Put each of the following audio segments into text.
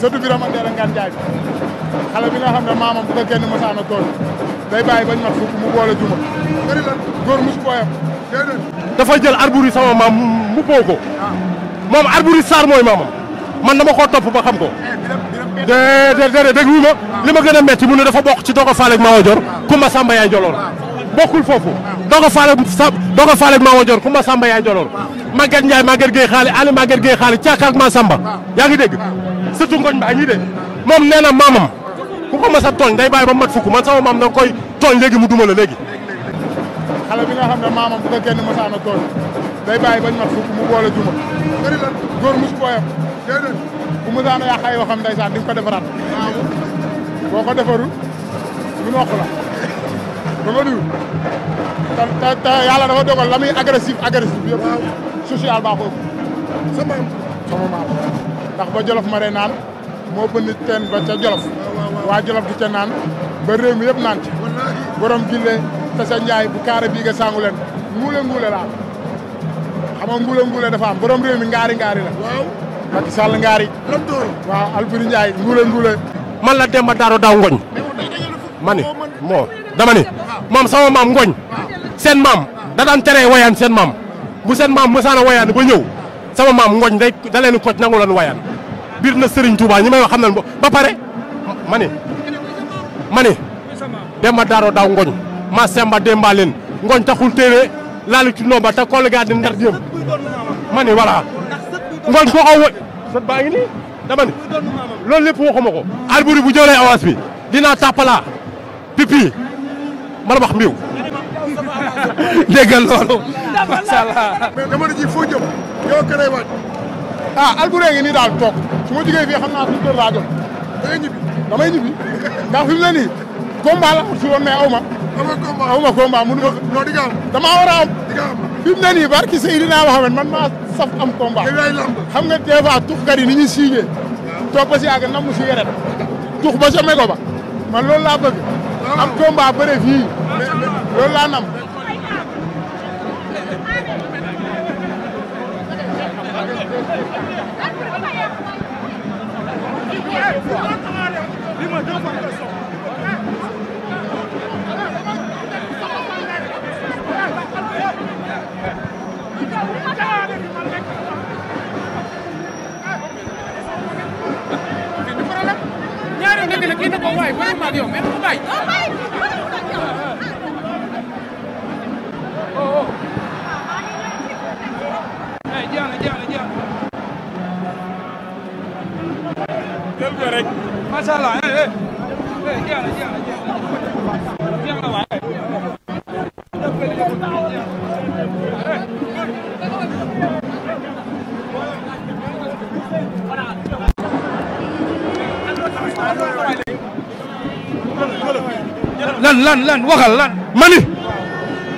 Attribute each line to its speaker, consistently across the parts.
Speaker 1: sëtu Birame ak Dera Ngane a toll day bàyyi bañ mat fukk mu boole juma. na góor mosu booyam
Speaker 2: ah. koo topp ba xam ko. Eh, déedéet déedéet dégg ma ah. li ma gën a métti mu ne dafa bokk ci Dogo Fall ak Mawa Dior ah. Kumba Samba yaay Joloor foofu Dogo Fall ak sa Dogo Fall ak Mawa Dior Kumba Samba yaay Joloor Maguette Ndiaye Maguette Gueye xaali Ali Maguette Gueye xaali Càkk ak Massamba yaa ngi dégg surtout ngooñ ba ñii de moom nee na maamam ku ko mës a tooñ day bàyyi ba mat fukk man sama maam da koy tooñ léegi mu duma léegi.
Speaker 1: xale bi nga xam ne maamam bu ko kenn mës a am a tooñ day bàyyi bañ mat fukk mu boole juma. góor mu su bu mës a am waxam ndeysaan di nga ko defaraat. boo ko defarul lu noq ba nga dugg te te te dafa dogal la muy agressif agressif yëpp baa ko sama maam ndax ba jolof ma ree naan moo bënn teen ba ca jolof waa jolof di ca naan ba réew mi yëpp naan borom gille te sa njaay bu kaara bii nga sangu leen nguule nguule laa xam nga nguule nguule dafa borom réew mi ngaari ngaari la Macky Sall ngaari waaw Alfuri nguule nguule man la Demba Daaro Daaw Ngoñ
Speaker 2: ma ni moo dama ni sama maam Ngoñ seen maam da daan wayaan seen maam bu seen maam mësaana wayaan ba ñëw sama maam ngooñ day da leen nangu lan wayaan biir na Serigne Touba ñi may wax xam nañ ba pare ma ni ma Daaro daaw ngooñ ma Semba Demba leen taxul téewee laalu ci nomba te kollegaa di ndar jéem ma ko aw sët baa ngi nii dama ni ko Alboury bu jëlee avance bi dinaa tàppalaa pipi man wax mbiw dégg nga loolu. macha allah.
Speaker 1: mais dama ne ji foo jëm. yow ka lay waaj. ah Alboury ngi nii daal toog su ma jugee fii xam naa suñu kër laa jëm. ñibbi damay ne nii combat la su woon mais aw ma. aw ma combat mënu ma. non a am. di ne nii barki Seydina Mohamed man maa saf am combat. xam nga des fois tuxkat yi ni ñuy signé. toog ba si yàgg nam mu si yeret tux ba sa me ba man loolu laa bëgg. am loolu laa nam
Speaker 2: Pero nag nag ito ko, why? Meron ba yun? Meron ba? Oh, may! Oo.
Speaker 1: Eh, jeex na, jeex na, jeex na. Jël ko rek. Masha Allah, eh, eh. Eh, jeex na, jeex na, jeex na. Jeex na waay.
Speaker 2: lan lan lan waxal lan. mani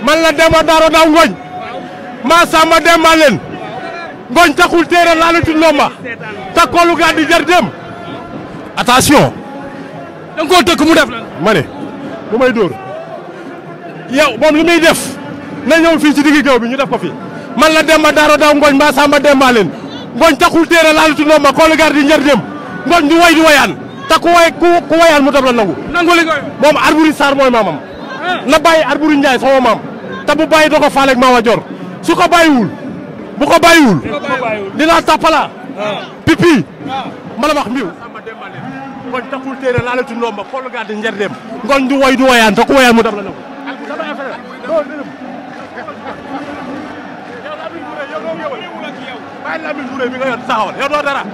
Speaker 2: man la Demba Daaro daaw ngooñ. maa sàmm Demba leen. ngooñ taxul téere laa la tudd lomba. takkoolu gaa di jar dem. attention. da koo tëkk mu def lan. ma ne bu may dóor. yow moom li def. na ñëw fii ci digg géew bi ñu def ko fi man la Demba Daaro daaw ngooñ maa sàmm Demba leen. ngooñ taxul téere laa la tudd lomba koolu gaa di jar dem. ngooñ du way du te ku way ku ku wayaan mu dab la nangu. nangu li nga moom maamam. Ah. na bàyyi Alboury Ndiaye sama maam. te bu bàyyi da faaleeg maa wa jor su ko bàyyiwul bu ko bàyyiwul. dinaa tàppala. Ah. pipi. Ah. ma la wax mbiw. kon taxul téere laa la tudd ndomba xool nga di dem. ngoon du way du wayaan te ku wayaan mu dab la